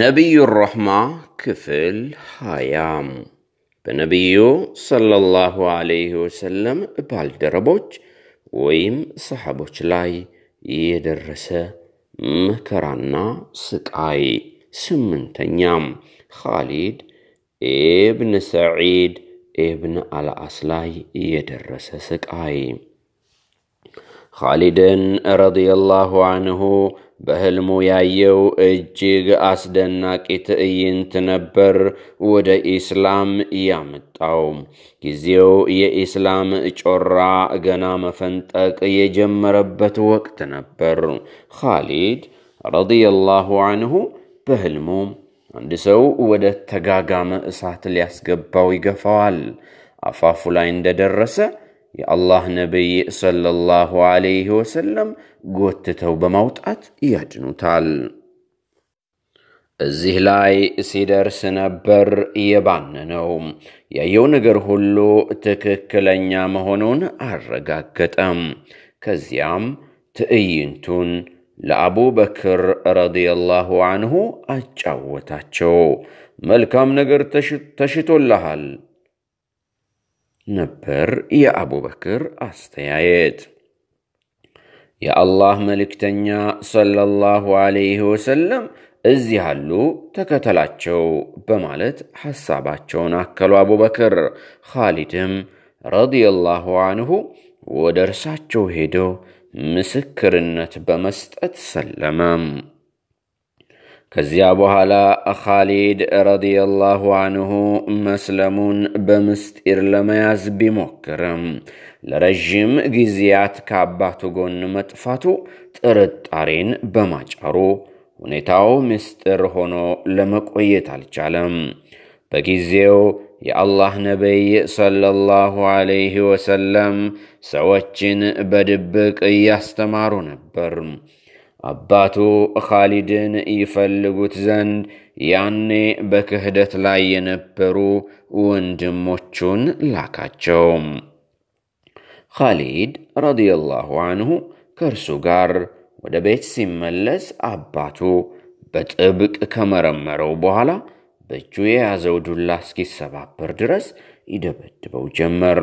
ነቢዩ ሮሕማ ክፍል ሃያም በነቢዩ ሰለላሁ አለይህ ወሰለም ባልደረቦች ወይም ሰሓቦች ላይ የደረሰ መከራና ስቃይ። ስምንተኛም ኻሊድ ኢብን ሰዒድ ኢብን አልዓስ ላይ የደረሰ ስቃይ። ኻሊድን ረዲየላሁ አንሁ በሕልሙ ያየው እጅግ አስደናቂ ትዕይንት ነበር ወደ ኢስላም ያመጣው። ጊዜው የኢስላም ጮራ ገና መፈንጠቅ የጀመረበት ወቅት ነበር። ኻሊድ ረዲየላሁ አንሁ በሕልሙ አንድ ሰው ወደ ተጋጋመ እሳት ሊያስገባው ይገፋዋል። አፋፉ ላይ እንደደረሰ የአላህ ነቢይ ሰለላሁ ዐለይሂ ወሰለም ጎትተው በማውጣት ያድኑታል። እዚህ ላይ ሲደርስ ነበር የባነ ነው። ያየው ነገር ሁሉ ትክክለኛ መሆኑን አረጋገጠም። ከዚያም ትዕይንቱን ለአቡበክር ረዲየላሁ አንሁ አጫወታቸው። መልካም ነገር ተሽቶልሃል ነበር የአቡበክር አስተያየት። የአላህ መልእክተኛ ሰለላሁ ዐለይሂ ወሰለም እዚህ አሉ፣ ተከተላቸው በማለት ሐሳባቸውን አከሉ። አቡበክር ኻሊድም ረዲየላሁ አንሁ ወደ እርሳቸው ሄደው ምስክርነት በመስጠት ሰለመም። ከዚያ በኋላ ኻሊድ ረዲየላሁ አንሁ መስለሙን በምስጢር ለመያዝ ቢሞክርም ለረዥም ጊዜያት ከአባቱ ጎን መጥፋቱ ጥርጣሬን በማጫሩ ሁኔታው ምስጢር ሆኖ ለመቆየት አልቻለም። በጊዜው የአላህ ነቢይ ሰለላሁ አለይህ ወሰለም ሰዎችን በድብቅ እያስተማሩ ነበር። አባቱ ኻሊድን ይፈልጉት ዘንድ ያኔ በክህደት ላይ የነበሩ ወንድሞቹን ላካቸው። ኻሊድ ረዲየላሁ አንሁ ከእርሱ ጋር ወደ ቤት ሲመለስ አባቱ በጥብቅ ከመረመረው በኋላ በእጁ የያዘው ዱላ እስኪሰባበር ድረስ ይደበድበው ጀመር።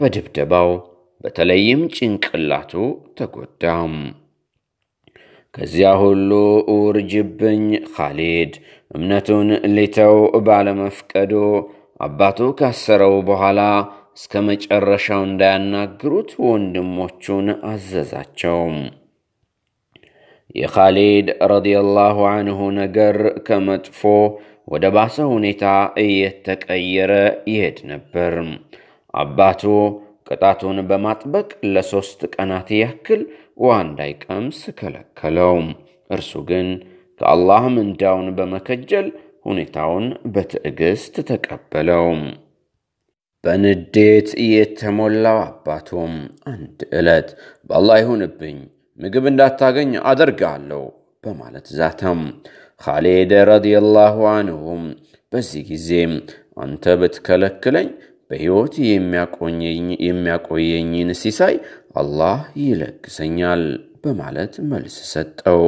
በድብደባው በተለይም ጭንቅላቱ ተጎዳም። ከዚያ ሁሉ ውርጅብኝ ኻሊድ እምነቱን ሊተው ባለመፍቀዱ አባቱ ካሰረው በኋላ እስከ መጨረሻው እንዳያናግሩት ወንድሞቹን አዘዛቸው። የኻሊድ ረዲየላሁ አንሁ ነገር ከመጥፎ ወደ ባሰ ሁኔታ እየተቀየረ ይሄድ ነበር። አባቱ ቅጣቱን በማጥበቅ ለሦስት ቀናት ያክል ውሃ እንዳይቀምስ ከለከለው። እርሱ ግን ከአላህ ምንዳውን በመከጀል ሁኔታውን በትዕግስት ተቀበለው። በንዴት የተሞላው አባቱም አንድ ዕለት በአላህ ይሁንብኝ ምግብ እንዳታገኝ አደርጋለሁ በማለት ዛተም። ኻሊድ ረዲየላሁ አንሁም በዚህ ጊዜ አንተ ብትከለክለኝ በሕይወት የሚያቆየኝን ሲሳይ አላህ ይለግሰኛል በማለት መልስ ሰጠው።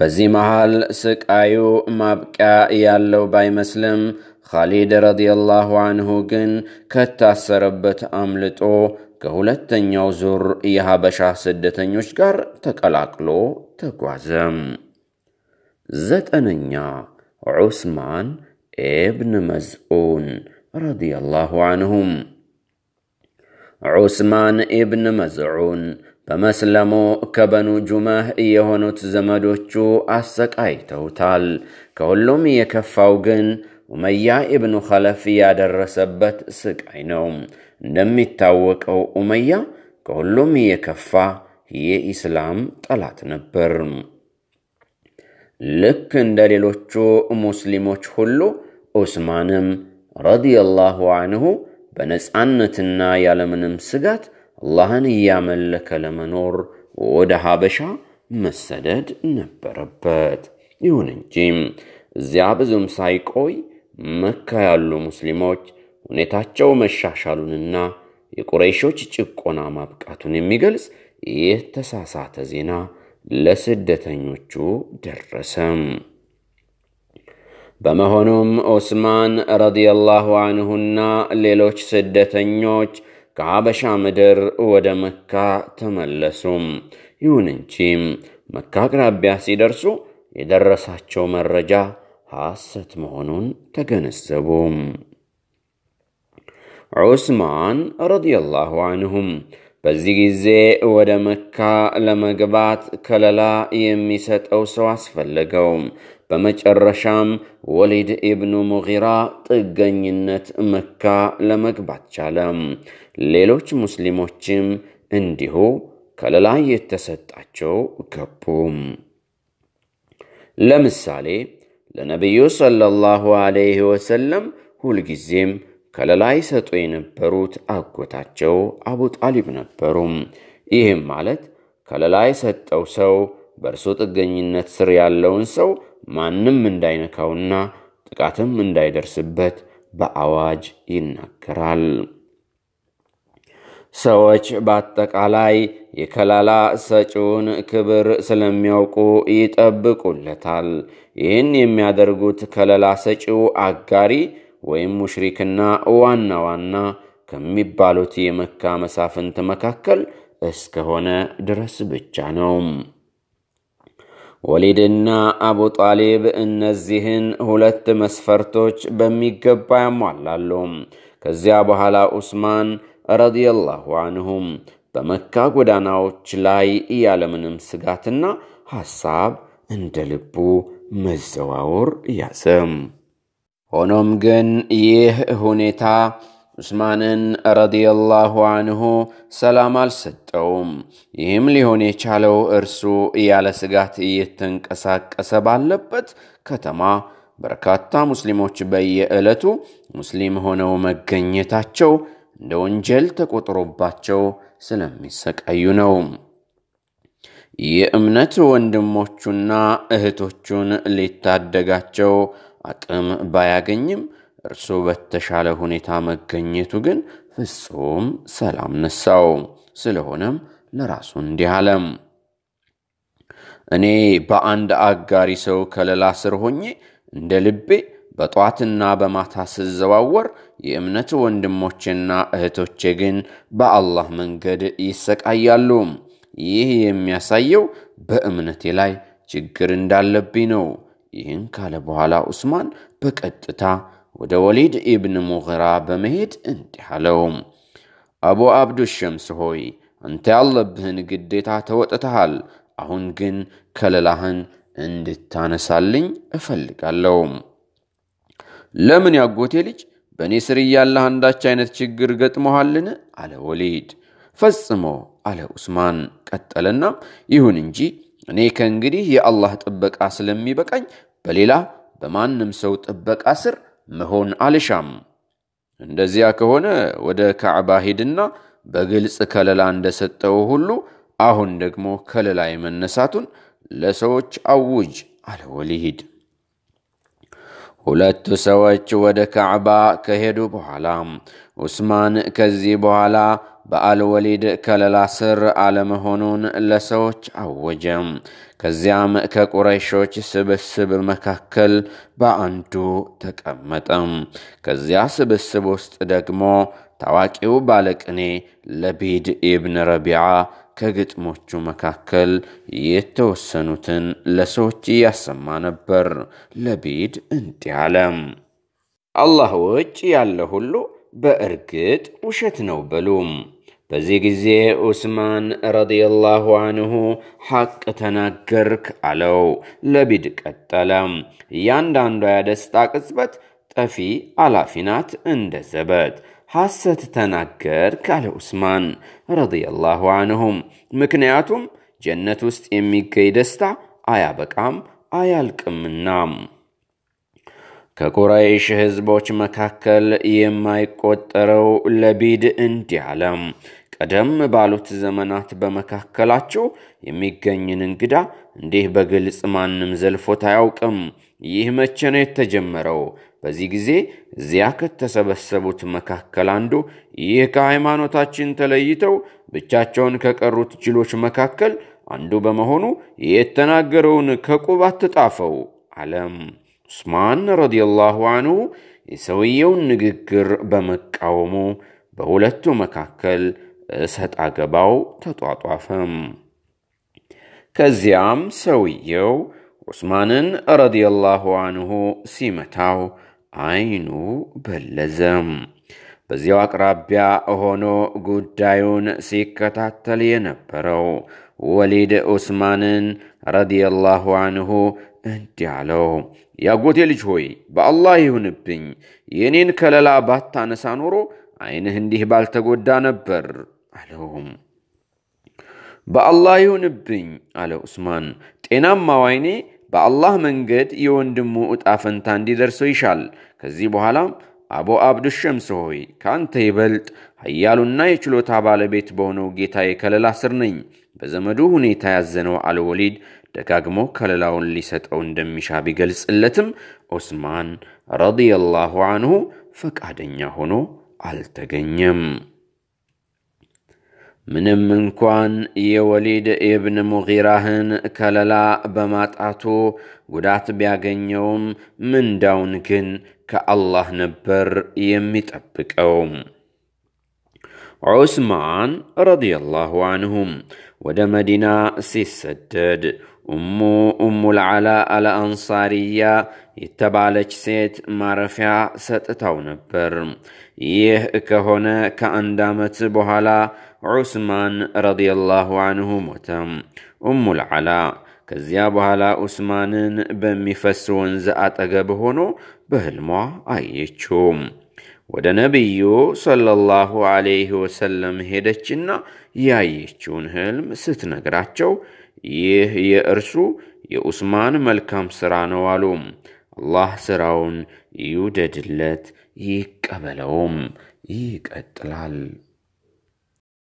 በዚህ መሃል ስቃዩ ማብቂያ ያለው ባይመስልም ኻሊድ ረዲየላሁ አንሁ ግን ከታሰረበት አምልጦ ከሁለተኛው ዙር የሀበሻ ስደተኞች ጋር ተቀላቅሎ ተጓዘም። ዘጠነኛ ዑስማን ኢብን መዝዑን رضي አንሁም عنهم ዑስማን ኢብን መዝዑን በመስለሙ ከበኑ ጁመህ የሆኑት ዘመዶቹ አሰቃይተውታል። ከሁሉም የከፋው ግን ኡመያ ኢብኑ ኸለፍ ያደረሰበት ስቃይ ነው። እንደሚታወቀው ኡመያ ከሁሉም የከፋ የኢስላም ጠላት ነበር። ልክ እንደ ሌሎቹ ሙስሊሞች ሁሉ ዑስማንም ረዲየላሁ አንሁ በነፃነትና ያለምንም ስጋት አላህን እያመለከ ለመኖር ወደ ሀበሻ መሰደድ ነበረበት። ይሁን እንጂም እዚያ ብዙም ሳይቆይ መካ ያሉ ሙስሊሞች ሁኔታቸው መሻሻሉንና የቁረይሾች ጭቆና ማብቃቱን የሚገልጽ የተሳሳተ ዜና ለስደተኞቹ ደረሰም። በመሆኑም ኦስማን ረዲየላሁ አንሁና ሌሎች ስደተኞች ከአበሻ ምድር ወደ መካ ተመለሱም። ይሁን እንጂ መካ አቅራቢያ ሲደርሱ የደረሳቸው መረጃ ሐሰት መሆኑን ተገነዘቡ። ዑስማን ረዲየላሁ አንሁም በዚህ ጊዜ ወደ መካ ለመግባት ከለላ የሚሰጠው ሰው አስፈለገው። በመጨረሻም ወሊድ ኢብኑ ሙጊራ ጥገኝነት መካ ለመግባት ቻለ። ሌሎች ሙስሊሞችም እንዲሁ ከለላ የተሰጣቸው ገቡ። ለምሳሌ ለነቢዩ ሰለላሁ ዐለይሂ ወሰለም ሁልጊዜም ከለላ ይሰጡ የነበሩት አጎታቸው አቡ ጣሊብ ነበሩ። ይህም ማለት ከለላ የሰጠው ሰው በእርሱ ጥገኝነት ስር ያለውን ሰው ማንም እንዳይነካውና ጥቃትም እንዳይደርስበት በአዋጅ ይናገራል። ሰዎች በአጠቃላይ የከላላ ሰጪውን ክብር ስለሚያውቁ ይጠብቁለታል። ይህን የሚያደርጉት ከለላ ሰጪው አጋሪ ወይም ሙሽሪክና ዋና ዋና ከሚባሉት የመካ መሳፍንት መካከል እስከሆነ ድረስ ብቻ ነው። ወሊድና አቡ ጣሊብ እነዚህን ሁለት መስፈርቶች በሚገባ ያሟላሉ። ከዚያ በኋላ ዑስማን ረዲየላሁ አንሁም በመካ ጎዳናዎች ላይ ያለምንም ስጋትና ሐሳብ እንደ ልቡ መዘዋወር ያዘም። ሆኖም ግን ይህ ሁኔታ ዑስማንን ረዲየላሁ አንሁ ሰላም አልሰጠውም። ይህም ሊሆን የቻለው እርሱ ያለ ስጋት እየተንቀሳቀሰ ባለበት ከተማ በርካታ ሙስሊሞች በየዕለቱ ሙስሊም ሆነው መገኘታቸው እንደ ወንጀል ተቆጥሮባቸው ስለሚሰቃዩ ነው። የእምነት ወንድሞቹና እህቶቹን ሊታደጋቸው አቅም ባያገኝም እርሱ በተሻለ ሁኔታ መገኘቱ ግን ፍጹም ሰላም ነሳው። ስለሆነም ለራሱ እንዲህ አለም፣ እኔ በአንድ አጋሪ ሰው ከለላ ስር ሆኜ እንደ ልቤ በጧትና በማታ ስዘዋወር፣ የእምነት ወንድሞቼና እህቶቼ ግን በአላህ መንገድ ይሰቃያሉ። ይህ የሚያሳየው በእምነቴ ላይ ችግር እንዳለብኝ ነው። ይህን ካለ በኋላ ዑስማን በቀጥታ ወደ ወሊድ ኢብን ሙግራ በመሄድ እንዲህ አለው፣ አቡ አብዱ ሸምስ ሆይ አንተ ያለብህን ግዴታ ተወጥተሃል። አሁን ግን ከለላህን እንድታነሳልኝ እፈልጋለሁ። ለምን ያጎቴ ልጅ በእኔ ስር እያለህ አንዳች አይነት ችግር ገጥሞሃልን? አለ ወሊድ። ፈጽሞ አለ ዑስማን። ቀጠለና ይሁን እንጂ እኔ ከእንግዲህ የአላህ ጥበቃ ስለሚበቃኝ በሌላ በማንም ሰው ጥበቃ ስር መሆን አልሻም። እንደዚያ ከሆነ ወደ ካዕባ ሂድና በግልጽ ከለላ እንደሰጠው ሁሉ አሁን ደግሞ ከለላ የመነሳቱን ለሰዎች አውጅ አለ ሁለቱ ሰዎች ወደ ካዕባ ከሄዱ በኋላ ዑስማን ከዚህ በኋላ በአልወሊድ ከለላ ስር አለመሆኑን ለሰዎች አወጀ። ከዚያም ከቁረይሾች ስብስብ መካከል በአንዱ ተቀመጠ። ከዚያ ስብስብ ውስጥ ደግሞ ታዋቂው ባለቅኔ ለቢድ ኢብን ረቢዓ ከግጥሞቹ መካከል የተወሰኑትን ለሰዎች እያሰማ ነበር። ለቢድ እንዲህ አለ። አላህ ውጭ ያለ ሁሉ በእርግጥ ውሸት ነው በሉም በዚህ ጊዜ ዑስማን ረዲየላሁ አንሁ ሐቅ ተናገርክ አለው። ለቢድ ቀጠለም። እያንዳንዷ የደስታ ቅጽበት ጠፊ አላፊ ናት እንደ ዘበት። ሐሰት ተናገርክ አለ ዑስማን ረዲየላሁ አንሁም። ምክንያቱም ጀነት ውስጥ የሚገኝ ደስታ አያበቃም አያልቅምናም። ከቁረይሽ ሕዝቦች መካከል የማይቆጠረው ለቢድ እንዲህ አለም። ቀደም ባሉት ዘመናት በመካከላችሁ የሚገኝን እንግዳ እንዲህ በግልጽ ማንም ዘልፎት አያውቅም። ይህ መቼ ነው የተጀመረው? በዚህ ጊዜ እዚያ ከተሰበሰቡት መካከል አንዱ ይህ ከሃይማኖታችን ተለይተው ብቻቸውን ከቀሩት ጅሎች መካከል አንዱ በመሆኑ የተናገረውን ከቁብ አትጣፈው አለም። ዑስማን ረዲየላሁ አንሁ የሰውየውን ንግግር በመቃወሙ በሁለቱ መካከል እሰጥ አገባው ተጧጧፈም። ከዚያም ሰውየው ዑስማንን ረዲየላሁ አንሁ ሲመታው አይኑ በለዘም። በዚያው አቅራቢያ ሆኖ ጉዳዩን ሲከታተል የነበረው ወሊድ ዑስማንን ረዲየላሁ አንሁ እንዲህ አለው፣ ያጎቴ ልጅ ሆይ በአላህ ይሁንብኝ፣ የእኔን ከለላ ባታነሳ ኖሮ አይንህ እንዲህ ባልተጎዳ ነበር አለው። በአላህ ይሁንብኝ አለ ዑስማን። ጤናማው ዓይኔ በአላህ መንገድ የወንድሙ ዕጣ ፈንታ እንዲደርሰው ይሻል። ከዚህ በኋላም አቡ አብዱ ሸምስ ሆይ ከአንተ ይበልጥ ኃያሉና የችሎታ ባለቤት በሆነው ጌታዬ ከለላ ስር ነኝ። በዘመዱ ሁኔታ ያዘነው አልወሊድ ደጋግሞ ከለላውን ሊሰጠው እንደሚሻ ቢገልጽለትም ዑስማን ረዲየላሁ አንሁ ፈቃደኛ ሆኖ አልተገኘም። ምንም እንኳን የወሊድ ኢብን ሙጊራህን ከለላ በማጣቱ ጉዳት ቢያገኘውም ምንዳውን ግን ከአላህ ነበር የሚጠብቀው። ዑስማን ረዲየላሁ አንሁም ወደ መዲና ሲሰደድ أم أم العلاء الأنصارية የተባለች ሴት ማረፊያ ሰጥተው ነበር። ይህ ከሆነ ከአንድ ዓመት በኋላ ዑስማን ረዲየላሁ አንሁ ሞተ። ኡሙል ዓላ ከዚያ በኋላ ዑስማንን በሚፈስ ወንዝ አጠገብ ሆኖ በህልሟ አየችው። ወደ ነቢዩ ሰለላሁ ዐለይሂ ወሰለም ሄደችና ያየችውን ህልም ስትነግራቸው ይህ የእርሱ የኡስማን መልካም ሥራ ነው አሉ። አላህ ሥራውን ይውደድለት ይቀበለውም። ይቀጥላል።